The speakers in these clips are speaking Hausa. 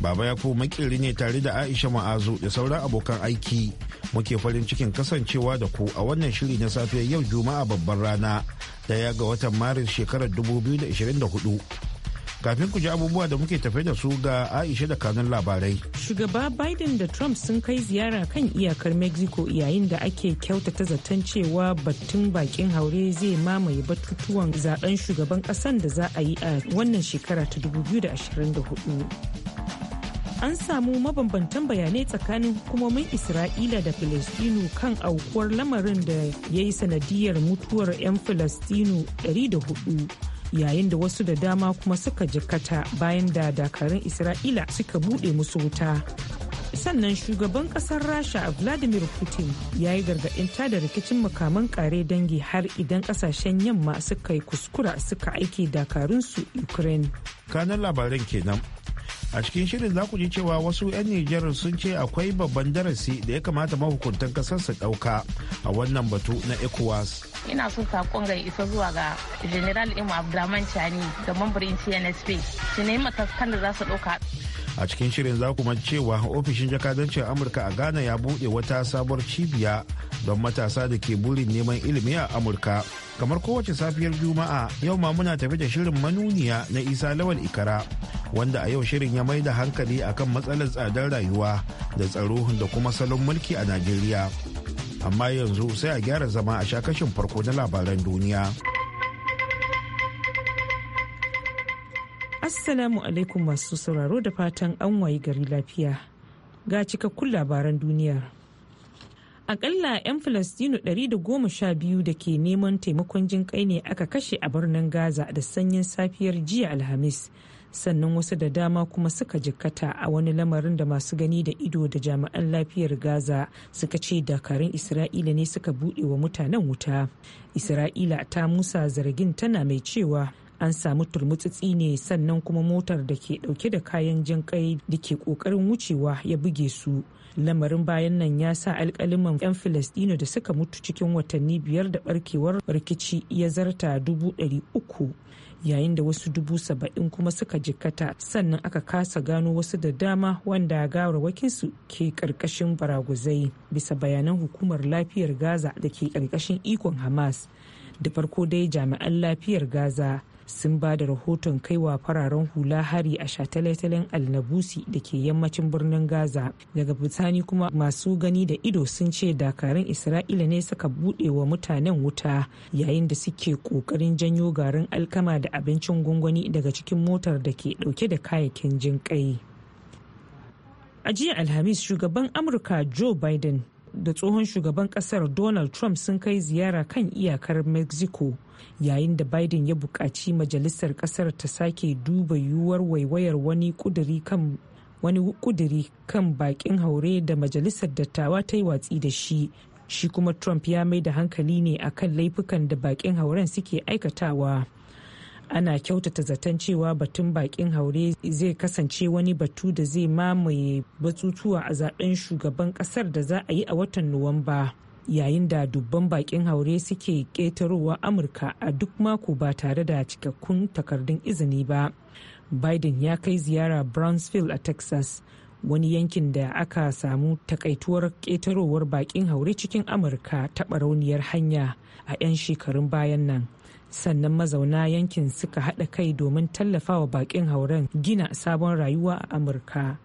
Baba ya makiri ne tare da Aisha Ma'azu da sauran abokan aiki. Muke farin cikin kasancewa da ku a wannan shiri na safiyar yau Juma'a babban rana daya ga watan Maris shekarar 2024. Kafin ku ji abubuwa da muke tafe da su ga Aisha da kanun labarai. Shugaba Biden da Trump sun kai ziyara kan iyakar Mexico yayin da ake kyautata zaton cewa batun bakin haure zai mamaye batutuwan zaben shugaban kasan da za a yi a wannan shekara ta 2024. an samu mabambantan bayanai tsakanin hukumomin isra'ila da filistinu kan aukuwar lamarin da ya yi sanadiyar mutuwar 'yan filistinu 104 yayin da wasu da dama kuma suka jikata bayan da dakarun isra'ila suka bude musu wuta sannan shugaban kasar rasha vladimir putin ya yi gargaɗin tada rikicin makaman kare dangi har idan kasashen yamma suka yi kuskura suka aiki dakarunsu ukraine kanan labaran kenan a cikin shirin za ku ji cewa wasu 'yan nijar sun ce akwai babban darasi da ya kamata mahukuntan kasar su ɗauka a wannan batu na ecowas ina son sakon ga isa zuwa ga general imu abdulrahman chani da mambarin cnsp su nemi matakan da za su ɗauka a cikin shirin za kuma cewa ofishin jakadancin amurka a ghana ya buɗe wata sabuwar cibiya don matasa da ke burin neman ilimi a amurka kamar kowace safiyar juma'a yau ma muna tafi da shirin manuniya na isa lawal ikara wanda a yau shirin ya mai da hankali akan matsalar tsadar rayuwa da tsaro da kuma salon mulki a najeriya amma yanzu sai a gyara zama a shakashin farko na labaran duniya. Assalamu alaikum masu sauraro da fatan an wayi gari lafiya. Ga cikakkun labaran duniyar. Akalla 'yan Falastinu 112 da ke neman taimakon jin kai ne aka kashe a birnin Gaza da sanyin safiyar jiya Alhamis. Sannan wasu da dama kuma suka jikkata a wani lamarin da masu gani da ido da jami'an lafiyar Gaza suka ce dakarun Isra'ila ne suka buɗe wa mutanen wuta. Isra'ila ta musa zargin tana mai cewa an samu turmutsitsi ne sannan kuma motar da ke dauke da kayan jan kai da ke kokarin wucewa ya buge su lamarin bayan nan ya sa alkaliman 'yan filistino da suka mutu cikin watanni biyar da barkewar rikici ya zarta dubu uku yayin da wasu dubu saba'in kuma suka jikkata sannan aka kasa gano wasu da dama wanda gawarwakinsu ke karkashin baraguzai bisa bayanan hukumar lafiyar gaza da ke karkashin ikon hamas da farko dai jami'an lafiyar gaza sun ba da rahoton kaiwa fararen hula hari a shataletalen alnabusi da ke yammacin birnin gaza daga bisani kuma masu gani da ido sun ce dakarun isra'ila ne suka buɗe wa mutanen wuta yayin da suke ƙoƙarin janyo garin alkama da abincin gwangwani daga cikin motar da ke ɗauke da kayayyakin jinƙai a jiya alhamis shugaban amurka joe biden da tsohon shugaban kasar donald trump sun kai ziyara kan iyakar mexico yayin da biden ya buƙaci majalisar ƙasar ta sake duba yiwuwar waiwayar wani ƙuduri kan wani kuduri kan bakin haure da majalisar dattawa ta yi watsi da shi shi kuma trump ya mai da hankali ne a kan laifukan da baƙin hauren suke aikatawa ana kyautata zaton cewa batun baƙin haure zai kasance wani batu da zai mamaye batutuwa a zaben shugaban ƙasar da za a yi a watan nuwamba yayin da dubban bakin haure suke ƙetarowa amurka a duk mako ba tare da cikakkun takardun izini ba biden ya kai ziyara brownsville a texas wani yankin da aka samu takaituwar ƙetarowar bakin haure cikin amurka ta barauniyar hanya a 'yan shekarun bayan nan sannan mazauna yankin suka haɗa kai domin tallafawa bakin hauren gina sabon rayuwa a amurka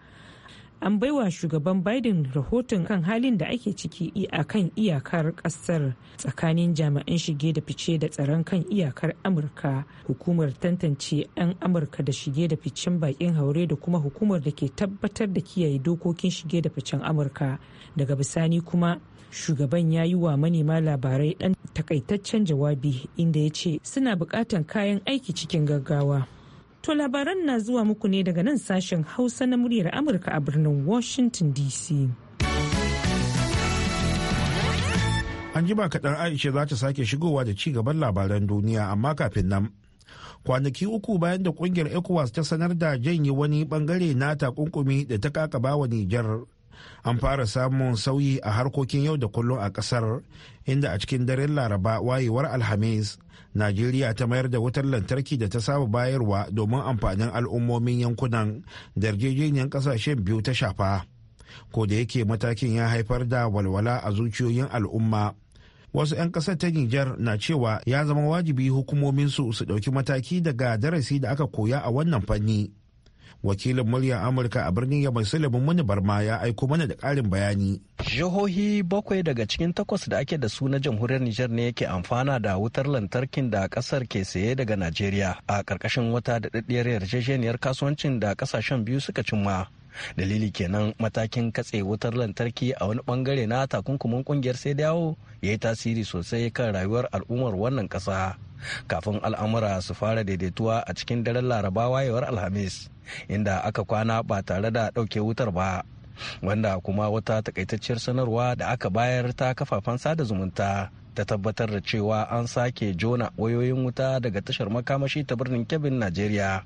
an baiwa shugaban biden rahoton kan halin da ake ciki a kan iyakar kasar tsakanin jami'an shige da fice da tsaron kan iyakar amurka hukumar tantance 'yan amurka da shige da ficen bakin haure da kuma hukumar da ke tabbatar da kiyaye dokokin shige da ficen amurka daga bisani kuma shugaban ya yi wa manema labarai dan takaitaccen jawabi inda ya ce suna bukatan kayan aiki cikin gaggawa To labaran na zuwa muku ne daga nan sashen Hausa na muryar Amurka a birnin Washington DC. An ji ba kaɗan Aisha za ta sake shigowa da ci gaban labaran duniya amma kafin nan. Kwanaki uku bayan da kungiyar ECOWAS ta sanar da janye wani bangare na takunkumi da ta kakaba wa Nijar. An fara samun sauyi a harkokin yau da kullum a ƙasar, inda a cikin daren Laraba wayewar Alhamis. najeriya ta mayar da wutar lantarki da ta saba bayarwa domin amfanin al'ummomin yankunan da yarjejeniyar kasashen biyu ta shafa ko da yake matakin ya haifar da walwala a zuciyoyin al'umma wasu 'yan ƙasar ta nijar na cewa ya zama wajibi hukumominsu su ɗauki mataki daga darasi da aka koya a wannan fanni wakilin muryar amurka a birnin yamai sulaimin muni barma ya aiko mana da karin bayani jihohi bakwai daga cikin takwas da ake da su na jamhuriyar nijar ne yake amfana da wutar lantarkin da kasar ke saye daga najeriya a ƙarƙashin wata da daɗaɗɗiyar yarjejeniyar kasuwancin da ƙasashen biyu suka cimma dalili kenan matakin katse wutar lantarki a wani bangare na takunkumin kungiyar sai dawo ya yi tasiri sosai kan rayuwar al'ummar wannan kasa kafin al'amura su fara daidaituwa a cikin daren larabawa yawar alhamis inda aka kwana ba tare da ɗauke wutar ba wanda kuma wata takaitacciyar sanarwa da aka bayar ta kafafen sada zumunta ta tabbatar da cewa an sake jona wayoyin wuta daga tashar makamashi ta birnin kebin najeriya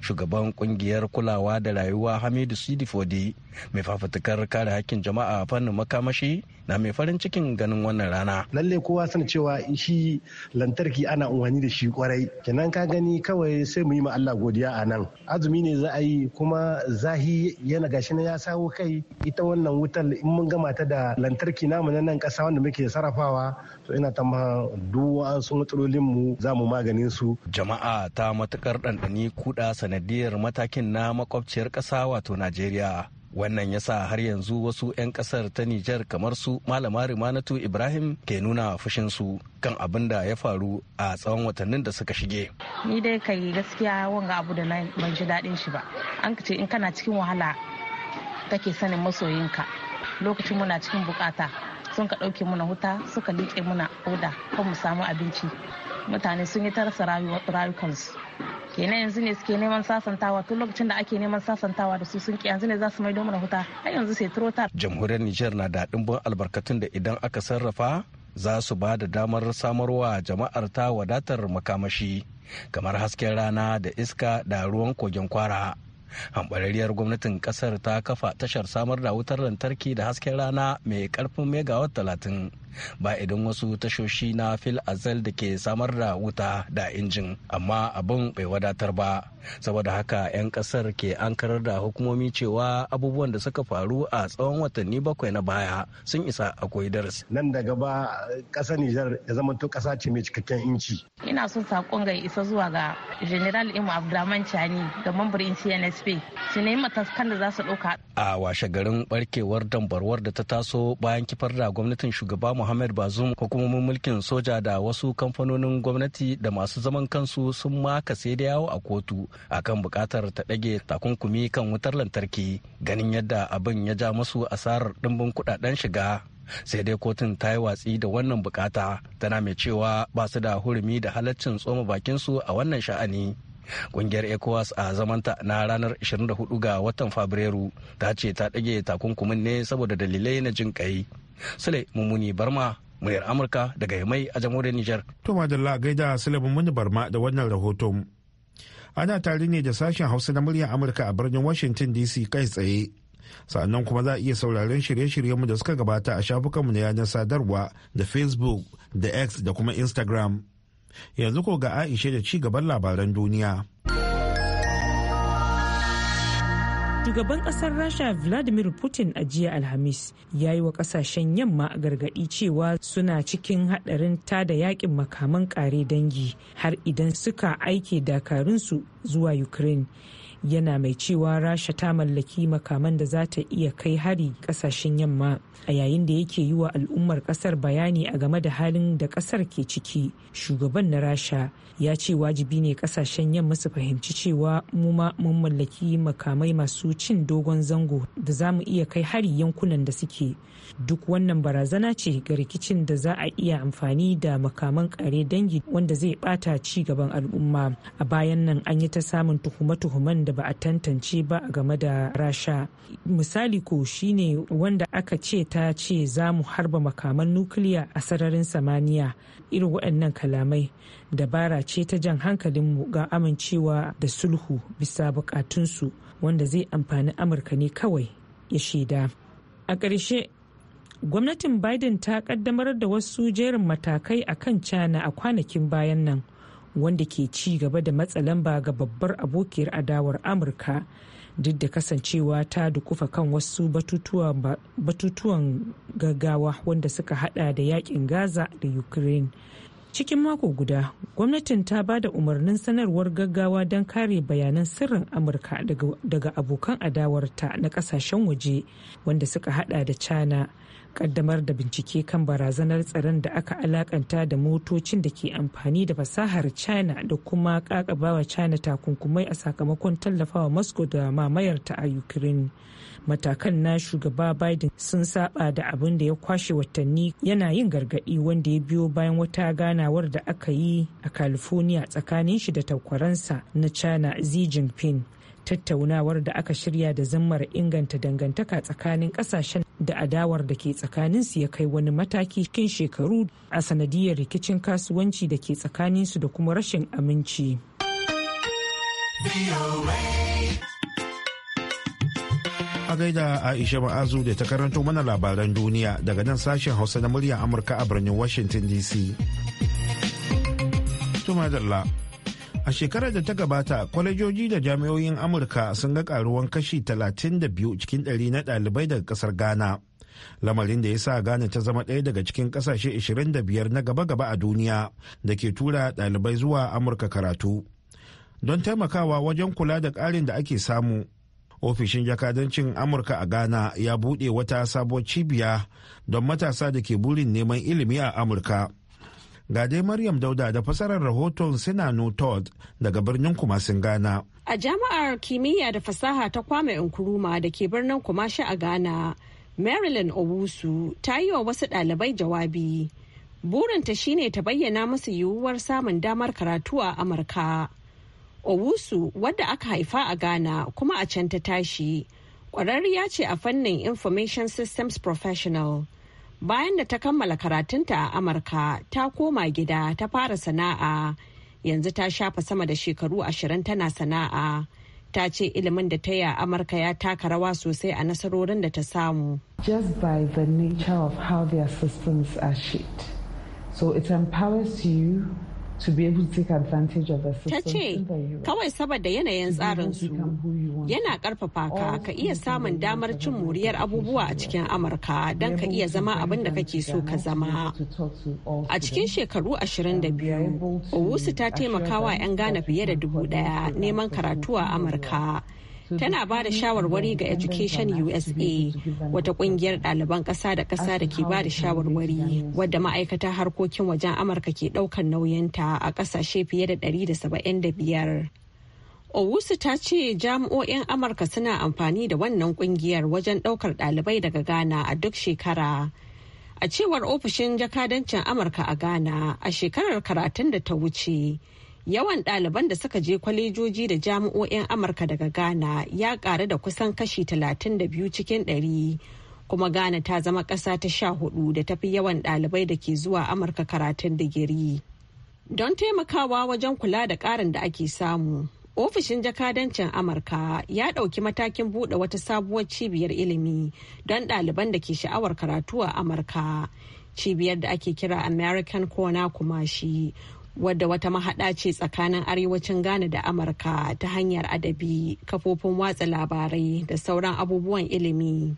shugaban kungiyar kulawa da rayuwa hamidu sidifodi mai fafutukar kare hakkin jama'a fannin makamashi na mai farin cikin ganin wannan rana lalle kowa sana cewa shi lantarki ana umarni da shi kwarai kenan ka gani kawai sai mu yi ma Allah godiya a nan azumi ne za a yi kuma zahi yana gashi na ya sawo kai ita wannan wutar in mun gama ta da lantarki namu na nan kasa wanda muke sarrafawa to ina ta duk wasu matsalolin mu za mu maganin su jama'a ta matukar ɗanɗani kuɗa rikida sanadiyar matakin na makwabciyar ƙasa wato najeriya wannan ya sa har yanzu wasu 'yan kasar ta nijar kamar su malama rimanatu ibrahim ke nuna fushinsu kan abin da ya faru a tsawon watannin da suka shige ni dai kai gaskiya wanga abu da ban ji daɗin shi ba an ce in kana cikin wahala kake sanin masoyinka lokacin muna cikin bukata sun ka ɗauke muna huta suka liƙe muna oda kan mu samu abinci mutane sun yi tarasa rayukansu kenan yanzu ne suke neman sasantawa tun lokacin da ake neman sasantawa da su sun ki yanzu ne za su mai domin huta har yanzu sai trotar jamhuriyar niger na da dimbin albarkatun da idan aka sarrafa za su ba da damar samarwa jama'ar ta wadatar makamashi kamar hasken rana da iska da ruwan kogin kwara hambarariyar gwamnatin kasar ta kafa tashar samar da wutar lantarki da hasken rana mai karfin megawatt talatin ba idan wasu tashoshi na fil azal da ke samar da wuta da injin amma abin bai wadatar ba saboda haka 'yan kasar ke ankarar da hukumomi cewa abubuwan da suka faru a tsawon watanni bakwai na baya sun isa akwai darasi nan da gaba kasar nijar ya zama to kasa ce mai cikakken inci ina son sakon ga isa zuwa ga general imu abdulrahman chani da mambarin cnsp su nemi matakan da za su ɗauka a washe garin barkewar dambarwar da ta taso bayan kifar da gwamnatin shugaba muhammad bazum hukumomin mulkin soja da wasu kamfanonin gwamnati da masu zaman kansu sun maka sai da yawo a kotu akan bukatar ta ɗage takunkumi kan wutar lantarki ganin yadda abin ya ja masu asarar ɗimbin kudaden shiga sai dai kotun ta yi watsi da wannan bukata tana mai cewa ba su da hurumi da halaccin tsoma su a wannan sha'ani kungiyar ecowas a zamanta na ranar 24 ga watan fabrairu ta ce ta ɗage takunkumin ne saboda dalilai na jin ƙai. Sule mumuni Barma muryar Amurka daga Yamai a jamhuriyar Nijar. To madalla gaida Sule mumuni Barma da wannan rahoton. Ana tare ne da sashen Hausa na muryar Amurka a birnin Washington DC kai tsaye. Sannan kuma za a iya sauraron shirye-shiryenmu da suka gabata a shafukanmu na yanar sadarwa da Facebook da X da kuma Instagram. Yanzu ko ga Aisha da ci gaban labaran duniya. Shugaban kasar Rasha Vladimir Putin a jiya Alhamis ya yi wa kasashen yamma gargaɗi cewa suna cikin haɗarin tada yakin makaman ƙare dangi har idan suka aike dakarunsu zuwa Ukraine yana mai cewa rasha ta mallaki makaman da za ta iya kai hari kasashen yamma a yayin da yake yi wa al'ummar kasar bayani a game da halin da kasar ke ciki shugaban na rasha ya ce wajibi ne kasashen yamma su fahimci cewa mu ma mun mallaki makamai masu cin dogon zango da za mu iya kai hari yankunan da suke duk wannan barazana ce ga rikicin da za a iya amfani da makaman kare dangi wanda zai bata ci gaban al'umma a bayan nan an yi ta samun tuhume-tuhumen da da ba a tantance ba game da rasha misali ko shine wanda aka ce ta ce za mu harba makaman nukiliya a sararin samaniya irin waɗannan kalamai dabara ce ta jan hankalinmu ga amincewa da sulhu bisa bukatunsu wanda zai amfani amurka ne kawai ya shaida a ƙarshe gwamnatin biden ta ƙaddamar da wasu jerin matakai a kan china a kwanakin bayan nan wanda ke ci gaba da matsa lamba ga babbar abokiyar adawar amurka duk da kasancewa ta dukufa kan wasu batutuwan gaggawa wanda suka hada da yakin gaza da ukraine cikin mako guda gwamnatin ta ba da umarnin sanarwar gaggawa don kare bayanan sirrin amurka daga abokan adawarta na kasashen waje wanda suka hada da china kaddamar da bincike kan barazanar tsaron da aka alakanta da motocin da ke amfani da fasahar china da kuma kakabawa china takunkumai a sakamakon tallafawa moscow da mamayarta a ukraine matakan na shugaba biden sun saba da abin da ya kwashe watanni yana yin gargadi wanda ya biyo bayan wata ganawar da aka yi a california tsakanin shi da takwaransa na china xi jinping tattaunawar da aka shirya da zammar inganta dangantaka tsakanin kasashen da adawar da ke tsakaninsu ya kai wani mataki kin shekaru a sanadiyar rikicin kasuwanci da ke tsakaninsu da kuma rashin aminci. A gaida Aisha Ma'azu da ta karanto mana labaran duniya daga nan sashen Hausa na muryar Amurka a birnin Washington DC. Tumadalla. A shekarar da ta gabata, kwalejoji da jami'oyin Amurka sun ga karuwan kashi 32 cikin 100 na ɗalibai daga ƙasar Ghana. Lamarin da ya sa Ghana ta zama ɗaya daga cikin ƙasashe 25 na gaba-gaba a duniya da ke tura ɗalibai zuwa Amurka karatu. Don taimakawa wajen kula da ƙarin da ake samu, ofishin jakadancin Amurka a Ghana ya buɗe wata sabuwar cibiya don matasa da ke burin neman ilimi a Amurka. Ga dai Maryam Dauda da fasarar rahoton Sinano Todd daga birnin Kumasin Ghana. A jami'ar kimiyya da fasaha ta kwame Nkuruma da ke birnin Kumashi a Ghana, Marilyn Owusu ta yi wa wasu ɗalibai jawabi. Burinta shine ta bayyana musu yiwuwar samun damar karatu a Amurka. Owusu wadda aka haifa a Ghana kuma a can ta tashi. Ƙwararriya ce a fannin Information Systems Professional. bayan da ta kammala karatunta a amurka ta koma gida ta fara sana'a yanzu ta shafa sama da shekaru ashirin tana sana'a ta ce ilimin da ta yi a amurka ya taka rawa sosai a nasarorin da ta samu just by the nature of how their systems are shaped so it empowers you to be able to take advantage of the system. Ta ce, kawai saboda yanayin tsarin su yana karfafa ka ka iya samun damar cin muriyar abubuwa a cikin Amurka don ka iya zama abin da kake so ka zama. A cikin shekaru 22, Owusu ta taimakawa 'yan Ghana fiye da dubu daya neman karatu a Amurka. tana ba da shawarwari ga education usa wata kungiyar ɗaliban ƙasa da ƙasa da ke ba da shawarwari wadda ma'aikata harkokin wajen amurka ke ɗaukar nauyinta a ƙasashe fiye da ɗari da da saba'in biyar. owusu ta ce jami'o'in amurka suna amfani da wannan kungiyar wajen ɗaukar ɗalibai daga ghana a duk shekara a cewar ofishin jakadancin amurka a ghana a shekarar karatun da ta wuce Yawan ɗaliban da suka je kwalejoji da jami'o'in Amurka daga Ghana ya ƙaru da kusan kashi 32 cikin 100. Kuma Ghana ta zama ƙasa ta sha hudu da tafi yawan ɗalibai da ke zuwa Amurka karatun digiri. Don taimakawa wajen kula da ƙarin da ake samu, ofishin jakadancin amurka ya ɗauki matakin buɗe wata sabuwar cibiyar ilimi don ɗaliban da ke sha'awar karatu a amurka cibiyar da ake kira american corner shi. wadda wata mahaɗa ce tsakanin arewacin Ghana da Amurka ta hanyar adabi, kafofin watsa labarai da sauran abubuwan ilimi.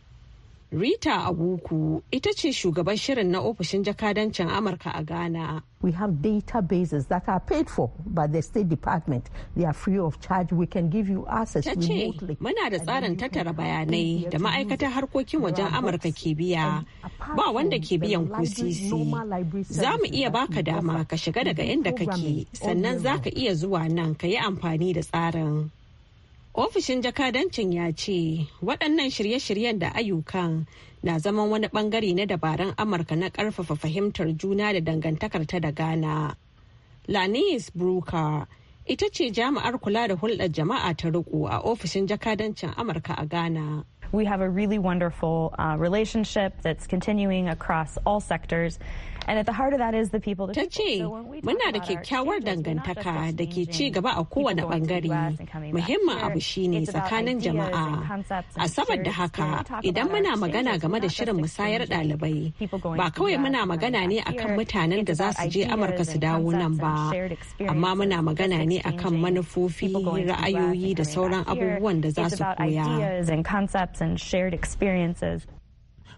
Rita Abuku ita ce shugaban shirin na ofishin jakadancin Amurka a Ghana. We have databases that are paid for by the State Department. They are free of charge. We can give you access remotely. muna da tsarin tattara bayanai da ma'aikatar harkokin wajen Amurka ke biya. Ba wanda ke biyan ku sisi. Za mu iya baka dama ka shiga daga inda kake sannan za ka iya zuwa nan ka yi amfani da tsarin. ofishin jakadancin ya ce waɗannan shirye-shiryen da ayyukan na zaman wani bangare na dabarun amurka na ƙarfafa fahimtar juna da dangantakar ta da ghana lanis brooker ita ce jami'ar kula da hulɗar jama'a ta riko a ofishin jakadancin amurka a ghana We have a really wonderful uh, relationship that's continuing across all sectors. And at the heart of that is the people Ta ce, muna da kyakkyawar dangantaka da ke ci gaba a kowane bangare. Muhimmin abu shine tsakanin jama'a. A saboda haka, idan muna magana game da shirin musayar ɗalibai, ba kawai muna magana ne akan mutanen da za su je Amurka su dawo nan ba, amma muna magana ne akan manufofi, ra'ayoyi da sauran abubuwan da za su koya.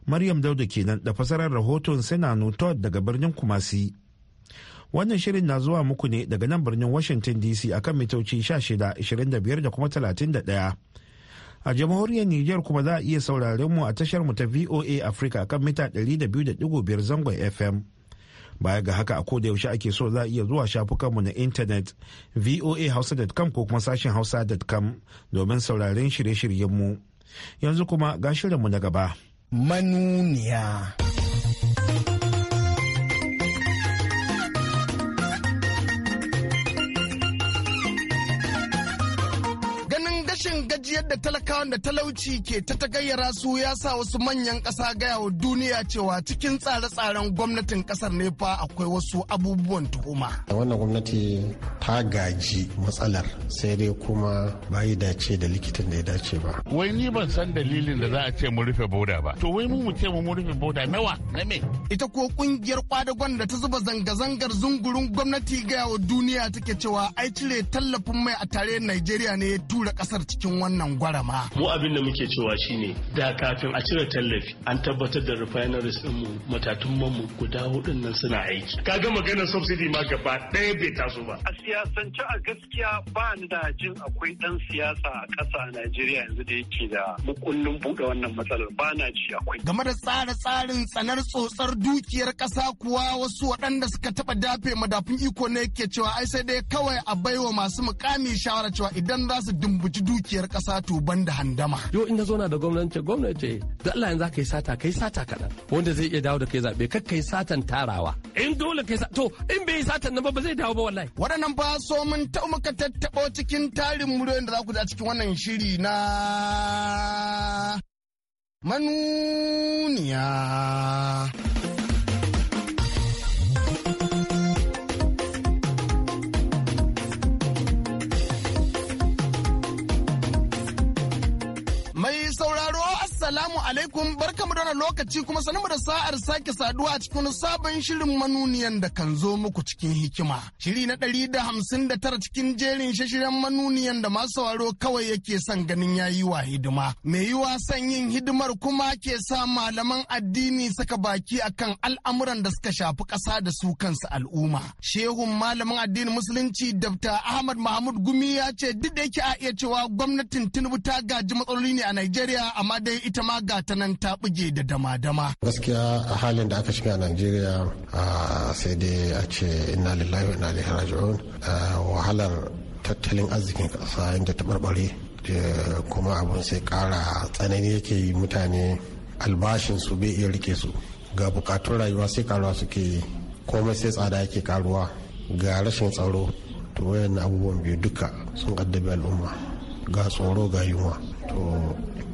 Maryam Dauda kenan da fasarar rahoton Sena Todd daga birnin Kumasi. Wannan shirin na zuwa muku ne daga nan birnin Washington DC akan mitoci 16, 25 da kuma 31. a jamhuriyar Nijar kuma za a iya sauraren mu a tashar mu ta VOA Africa kan mita 200.5 zangon FM. Baya ga haka a koda yaushe ake so za a iya zuwa shafukanmu na intanet voahausa.com ko kuma sashen hausa.com domin sauraren shirye-shiryenmu. Yanzu kuma ga shirinmu na gaba. manuniya. Irin gajiyar da talakawan da talauci ke ta tagayyara su ya sa wasu manyan ƙasa gaya wa duniya cewa cikin tsare-tsaren gwamnatin ƙasar ne fa akwai wasu abubuwan tuhuma. Wannan gwamnati ta gaji matsalar sai dai kuma bayi dace da likitan da ya dace ba. Wai ni ban san dalilin da za a ce mu rufe boda ba. To wai mu mu ce mu rufe boda nawa na me? Ita ko kungiyar kwadagon da ta zuba zanga-zangar zungurin gwamnati gaya wa duniya take cewa ai cire tallafin mai a tare Najeriya ne ya tura kasar cikin cikin wannan gwarama. Mu abin da muke cewa shine da kafin a cire tallafi an tabbatar da refineries din mu matatun mu guda hudun nan suna aiki. Ka ga magana subsidy ma gaba ɗaya bai taso ba. A siyasance a gaskiya ba ni da jin akwai ɗan siyasa a ƙasa a Najeriya yanzu da yake da mukullin buɗe wannan matsalar ba na ji akwai. Game da tsare tsarin tsanar tsotsar dukiyar ƙasa kuwa wasu waɗanda suka taɓa dafe madafin iko ne ke cewa ai sai dai kawai a baiwa masu mukami shawara cewa idan za su dumbuci dukiya dukiyar ƙasa to ban da handama. Yo in na zo na da gwamnati gwamnati da Allah yanzu ka yi sata ka yi sata kaɗan wanda zai iya dawo da kai zaɓe kar kai satan tarawa. In dole ka yi to in bai yi satan nan ba ba zai dawo ba wallahi. Waɗannan ba so mun taɓa muka tattaɓo cikin tarin muryoyin da za ku da cikin wannan shiri na manuniya. gyara lokaci kuma sanmu da sa'ar sake saduwa a cikin sabon shirin manuniyan da kan zo muku cikin hikima. Shiri na ɗari da hamsin da tara cikin jerin shashiren manuniyan da masu sauraro kawai yake son ganin ya yi wa hidima. Mai yiwa son yin hidimar kuma ke sa malaman addini saka baki akan al'amuran da suka shafi ƙasa da su kansu al'umma. Shehun malamin addinin musulunci Dr. Ahmad Mahmud Gumi ya ce duk da yake a iya cewa gwamnatin Tinubu ta gaji matsaloli ne a Najeriya amma dai ita ma ga ta nan ta buge da dama-dama. Gaskiya a halin da aka shiga a Najeriya sai dai a ce ina lillahi ina da ilaihi raji'un wahalar tattalin arzikin ƙasa inda ta barbare kuma abun sai ƙara tsanani yake yi mutane albashin su bai iya rike su ga bukatun rayuwa sai karuwa suke yi komai sai tsada yake karuwa ga rashin tsaro to wayan abubuwan biyu duka sun addabi al'umma ga tsoro ga yunwa to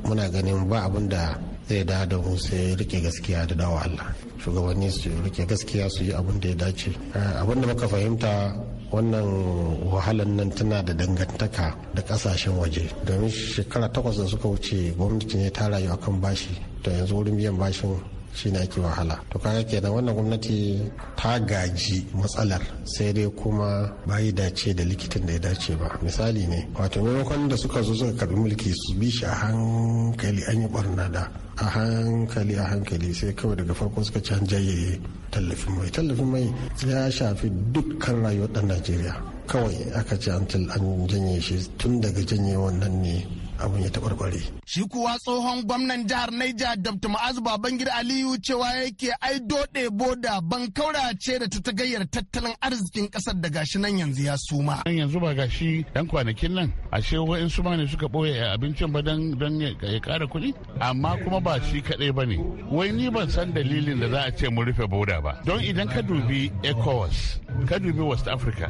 muna ganin ba abin da zai da da mu sai rike gaskiya da dawa Allah shugabanni su rike gaskiya su yi abin da ya dace eh, abin da muka fahimta wannan wahalan nan tana da dangantaka da kasashen waje domin shekara takwas da suka wuce gwamnati ne ta rayu akan bashi to yanzu wurin biyan bashin shi ake wahala to kaga kenan wannan gwamnati ta gaji matsalar sai dai kuma Ba yi dace da likitan da ya dace ba misali ne wato maimakon da suka zo suka karbi mulki su bi shi a hankali an yi barna da a hankali a hankali sai kawai daga farko suka ci an jaye tallafin mai tallafin mai ya shafi dukkan rayuwar dan najeriya kawai aka ce an janye shi tun daga janye wannan ne abun ya taɓarɓare. Shi kuwa tsohon gwamnan jihar Naija Dr. Ma'az Babangida Aliyu cewa yake ai doɗe boda ban kaura ce da ta gayyar tattalin arzikin ƙasar da gashi nan yanzu ya suma. nan yanzu ba gashi dan kwanakin nan ashe wa'in su ne suka ɓoye abincin ba don ya ƙara kuɗi amma kuma ba shi kaɗai ba ne. Wai ni ban san dalilin da za a ce mu rufe boda ba. Don idan ka dubi ECOWAS ka dubi West Africa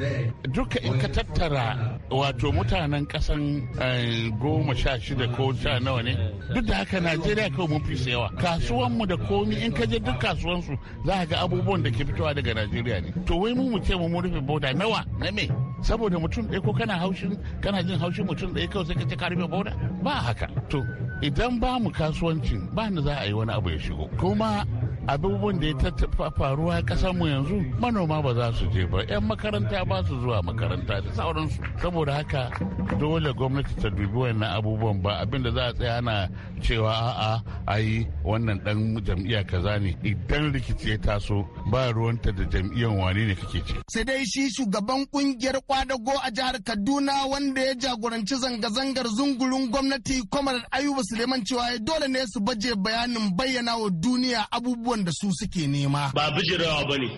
duka in ka tattara wato mutanen ƙasan eh, goma sha shida ko sha nawa ne duk da haka najeriya kawai mun fi sayawa kasuwanmu da komi in ka je duk kasuwansu za ka ga abubuwan da ke fitowa daga najeriya ne to wai mu mu ce mu rufe boda nawa na me saboda mutum ɗaya ko kana haushin kana jin haushin mutum ɗaya kawai sai ka ce ka rufe boda ba haka to idan ba mu kasuwancin ba ni za a yi wani abu ya shigo kuma abubuwan da ya faruwa kasar mu yanzu manoma ba za su je ba yan makaranta ba su zuwa makaranta da sauransu saboda haka dole gwamnati ta dubi wannan abubuwan ba abinda za a tsaya ana cewa a'a ayi wannan dan jam'iyya kaza ne idan rikici ya taso ba ruwanta da jam'iyyan wane ne kake ce sai dai shi shugaban kungiyar kwadago a jihar Kaduna wanda ya jagoranci zanga-zangar zungurin gwamnati kwamar Ayuba Suleiman cewa dole ne su baje bayanin bayyana wa duniya abubuwan abubuwan da su suke nema. Ba bijirawa ba ne,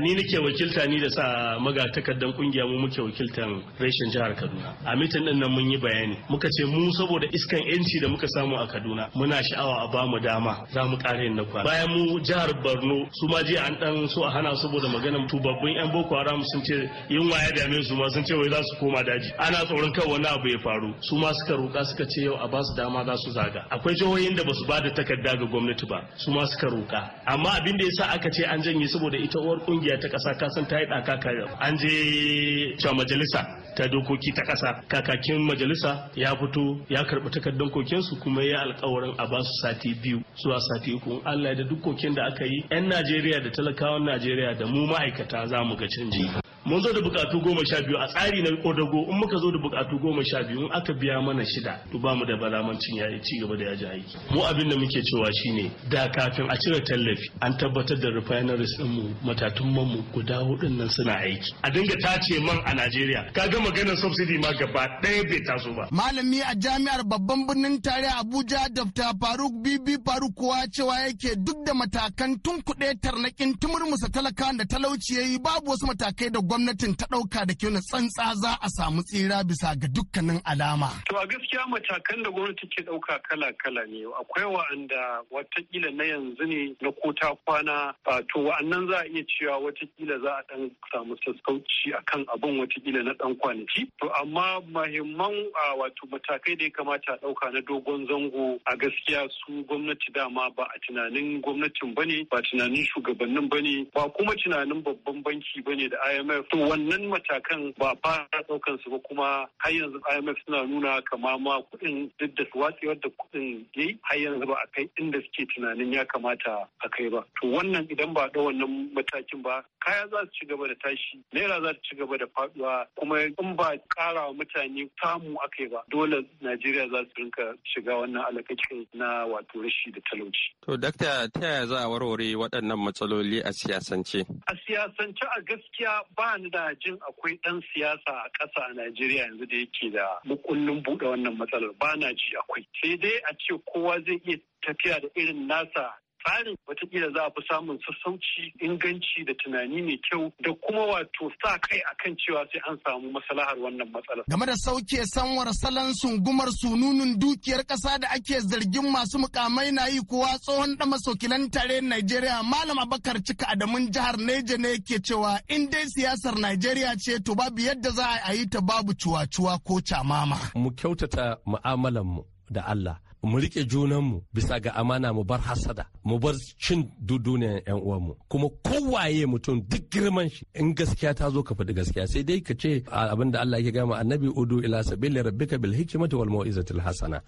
ni nake wakilta ni da sa maga magatakardan kungiya mu muke wakiltan reshen jihar Kaduna. A mitin din nan mun yi bayani, muka ce mu saboda iskan yanci da muka samu a Kaduna, muna sha'awa a ba mu dama za mu ƙara yin na kwana. Bayan mu jihar Borno su ma jiya an dan so a hana saboda maganar tubabbin yan Boko Haram sun ce yunwa ya dame su ma sun ce wai za su koma daji. Ana tsoron kan wani abu ya faru, su ma suka roƙa suka ce yau a ba su dama za su zaga. Akwai jihohin da ba su ba da takarda ga gwamnati ba, su ma suka roƙa. amma abin da ya sa aka ce an janye saboda ita uwar kungiya ta kasa kasan ta yi ɗaka an je cewa majalisa ta dokoki ta kasa kakakin majalisa ya fito ya karɓi takardar kokensu kuma ya alkawarin a basu sati biyu zuwa sati uku Allah da duk kokin da aka yi 'yan Najeriya da talakawan Najeriya da mu ma'aikata za mu ga canji. mun zo da bukatu goma sha biyu a tsari na kodago in muka zo da bukatu goma sha biyu in aka biya mana shida to ba mu da balamancin ya ci gaba da yaji aiki mu abin da muke cewa shine da kafin a cire tallafi an tabbatar da refineries din mu matatun man mu guda hudun nan suna aiki a dinga tace man a Najeriya Ka kaga maganar subsidy ma gaba ɗaya bai taso ba malami a jami'ar babban birnin tare Abuja Dr. Faruk Bibi Faruk kuwa cewa yake duk da matakan tun kuɗe tarnakin tumurmusa talaka da talauci yayi babu wasu matakai da gwamnati gwamnatin ta ɗauka da kyau na tsantsa za a samu tsira bisa ga dukkanin alama. To a gaskiya matakan da gwamnati ke ɗauka kala-kala ne akwai wa'anda watakila na yanzu ne na kota kwana to wa'annan za a iya cewa watakila za a ɗan samu sassauci akan abin watakila na ɗan kwanaki. To amma mahimman wato matakai da ya kamata a ɗauka na dogon zango a gaskiya su gwamnati dama ba a tunanin gwamnatin bane ba tunanin shugabannin bane ba kuma tunanin babban banki ba ne da IMF to wannan matakan ba fara daukan su ba kuma har yanzu IMF suna nuna kama ma kuɗin duk da su watsi da kuɗin yayi har yanzu ba a kai inda suke tunanin ya kamata a kai ba to wannan idan ba da wannan matakin ba kaya za su ci gaba da tashi naira za su ci gaba da faɗuwa kuma in ba kara wa mutane samu akai ba dole Najeriya za su rinka shiga wannan alakacin na wato rashi da talauci. To dakta ta yaya za a warware waɗannan matsaloli a siyasance? A siyasance a gaskiya ba ni da jin akwai ɗan siyasa a ƙasa a Najeriya yanzu da yake da mukullin buɗe wannan matsalar ba na ji akwai. Sai dai a ce kowa zai iya tafiya da irin nasa tsarin watakila za a fi samun sassauci inganci da tunani mai kyau da kuma wato sa kai akan cewa sai an samu masalahar wannan matsalar. Game da sauke sanwar salon sungumar sununun dukiyar ƙasa da ake zargin masu mukamai na yi kuwa tsohon da masokilan tare Najeriya Malam Abakar Cika Adamun jihar Neja ne ke cewa in dai siyasar Najeriya ce to babu yadda za a yi ta babu cuwacuwa ko camama. Mu kyautata mu'amalanmu da Allah mu riƙe junanmu bisa ga amana mu bar hasada mu bar cin duduniyan yan uwanmu kuma kowaye mutum duk girman shi in gaskiya ta zo ka faɗi gaskiya sai dai ka ce abin da Allah yake gama annabi udu ila sabili rabbika bil hikmati wal mau'izatil hasana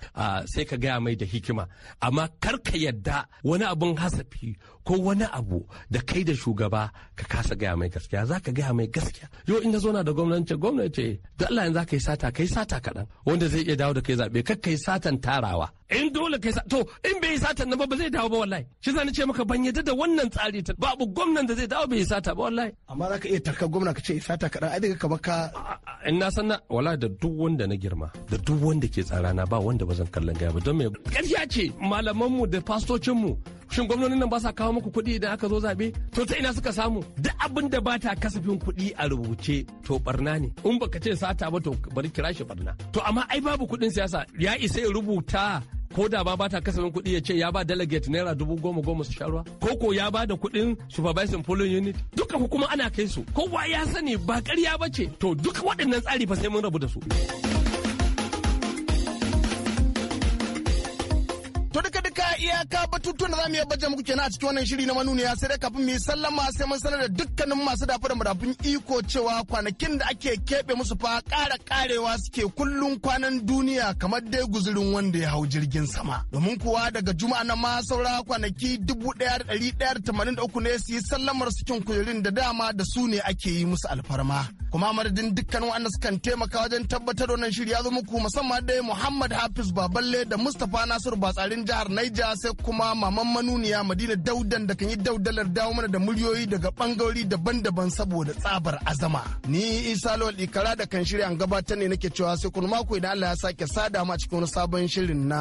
sai ka gaya mai da hikima amma kar ka yadda wani abun hasafi ko wani abu da kai da shugaba ka kasa gaya mai gaskiya za ka gaya mai gaskiya yau in ka zo na da gwamnati gwamnati da Allah yanzu ka yi sata ka yi sata kaɗan wanda zai iya dawo da kai zaɓe kar ka yi satan tarawa in dole ka yi to in bai yi satan na ba ba zai dawo ba wallahi shi zan ce maka ban yadda da wannan tsari ta babu gwamnan da zai dawo bai sata ba wallahi amma za ka iya tarka gwamna ka ce sata kaɗan ai daga ka ka in na san na wala da duk wanda na girma da duk wanda ke tsarana ba wanda ba zan kallon gaya ba don me ƙarya ce malamanmu da fastocinmu shin gwamnonin nan ba sa kawo muku kuɗi idan aka zo zaɓe to ta ina suka samu duk abin da ba ta kasafin kuɗi a rubuce to barna ne in baka ce sata ba to bari kira shi barna to amma ai babu kuɗin siyasa ya isa ya rubuta ko da ba bata kasafin kuɗi ya ce ya ba delegate naira dubu goma goma su sharuwa ko ko ya ba da kuɗin supervising polling unit duka kuma ana kai su ko kowa ya sani ba ƙarya ba ce to duka waɗannan tsari ba sai mun rabu da su. iyaka batutuwan da za mu yi bajan muku kenan a cikin wannan shiri na manuniya sai dai kafin mu yi sallama sai mun sanar da dukkanin masu dafa da madafun iko cewa kwanakin da ake keɓe musu fa ƙara ƙarewa suke kullum kwanan duniya kamar dai guzurin wanda ya hau jirgin sama. Domin kuwa daga juma'a na ma saura kwanaki dubu ɗaya da ɗari ɗaya da tamanin da uku ne su yi sallamar cikin kujerun da dama da su ne ake yi musu alfarma. Kuma madadin dukkan waɗanda sukan taimaka wajen tabbatar wannan shiri ya zo muku musamman dai Muhammad Hafiz Baballe da Mustapha Nasiru Batsarin jihar Niger sai kuma maman manuniya Madina Daudan da kan yi daudalar dawo mana da muryoyi daga bangarori daban-daban saboda tsabar azama. Ni Isa Lawal Ikara da kan shirya gabatar ne nake cewa sai kun mako idan Allah ya sake sada ma cikin wani sabon shirin na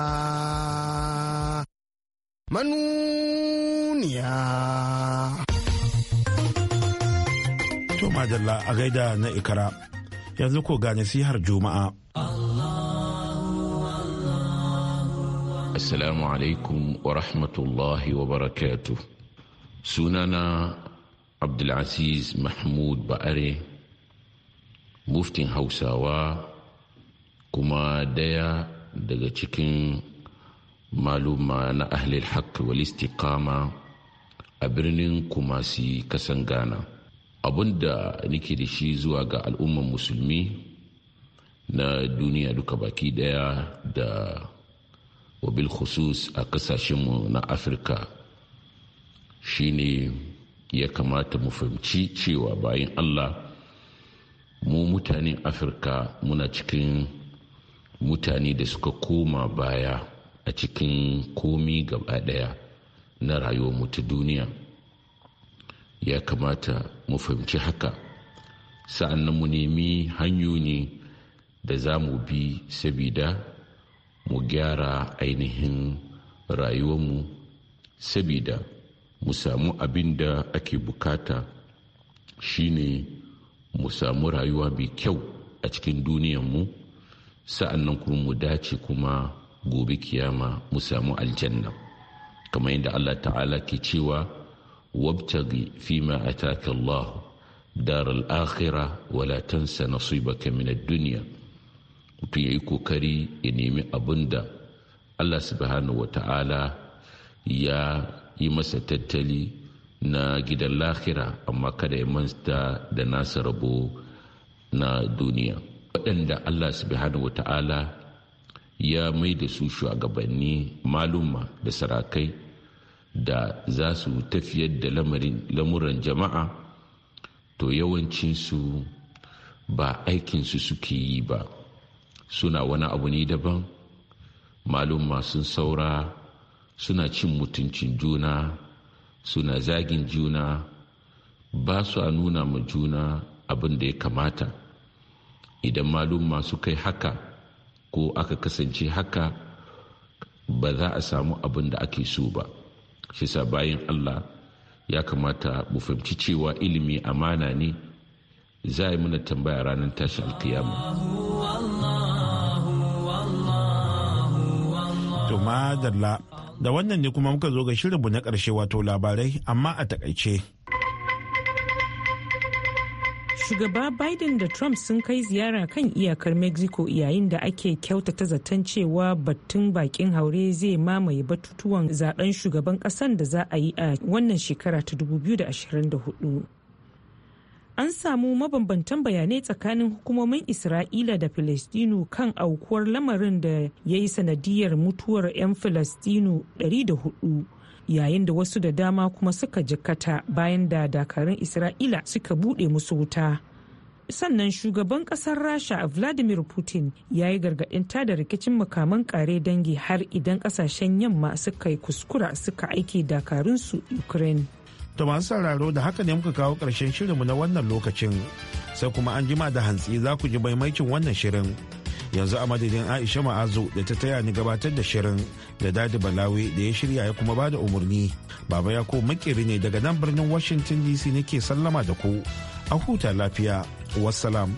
manuniya. To madalla a gaida na Ikara yanzu ko gane nasihar Juma'a. Allah Assalamu alaikum wa rahmatullahi wa barakatu. Sunana Abdulaziz Mahmud Ba'are, muftin Hausawa kuma daya daga cikin maluma na ahlil haq wal istiqama a birnin Kumasi kasan Ghana. Abinda nake da shi zuwa ga al'umman musulmi na duniya duka baki daya da wa bil khusus a kasashenmu na afirka shine ya kamata mu fahimci cewa bayan allah mu mutanen afirka muna cikin mutane da suka koma baya a cikin komi gaba daya na rayuwar ta duniya ya kamata mu fahimci haka sa'an nan mu nemi hanyoyi da za mu bi sabida mu gyara ainihin rayuwarmu sabida mu samu abin da ake bukata shine mu samu rayuwa mai kyau a cikin duniyanmu sa'an nan kuma mu dace kuma gobe kiyama mu samu aljanna kamar yadda Allah ta'ala ke cewa wabtagi fima ataka Allah daral akhira wala tansa nasibaka min ad-dunya mutum ya yi kokari ya nemi abin da allah subhanahu wata'ala ya yi masa tattali na gidan lahira amma kada ya manta da nasa rabo na duniya waɗanda allah subhanahu wata'ala ya mai da su shugabanni maluma da sarakai da za su tafiyar da lamuran jama'a to yawancinsu ba aikinsu suke yi ba suna wani abu ne daban maluma masu saura suna cin mutuncin juna suna zagin juna ba su a nuna ma juna abin da ya kamata idan maluma masu kai haka ko aka kasance haka ba za a samu abin da ake so ba shi sa bayan allah ya kamata mu fahimci cewa ilimi amana ne za a yi mana tambaya ranar tashin alkiyama. madalla da wannan ne kuma muka zo ga shirinmu na karshe wato labarai amma a takaice. Shugaba Biden da Trump sun kai ziyara kan iyakar Mexico yayin da ake kyautata zaton cewa batun bakin haure zai mamaye batutuwan zaben shugaban kasan da za a yi a wannan shekara ta 2024. an samu mabambantan bayanai tsakanin hukumomin isra'ila da filistinu kan aukuwar lamarin da ya yi sanadiyar mutuwar 'yan filistinu 400 yayin da wasu da dama kuma suka jikkata bayan da dakarun isra'ila suka bude musu wuta sannan shugaban kasar rasha vladimir putin ya yi gargaɗin da rikicin makaman kare dangi har idan kasashen yamma suka yi kuskura suka aiki dakarunsu ukraine To masu sauraro da haka ne muka kawo ƙarshen shirinmu na wannan lokacin. Sai kuma an jima da hantsi za ku ji maimakin wannan shirin. Yanzu a madadin Aisha Ma'azu da ta taya ni gabatar da shirin da Dadi Balawi da ya shirya ya kuma bada umarni. Baba ya ko makeri ne daga nan birnin Washington DC nake sallama da ku. A huta lafiya. Wassalam.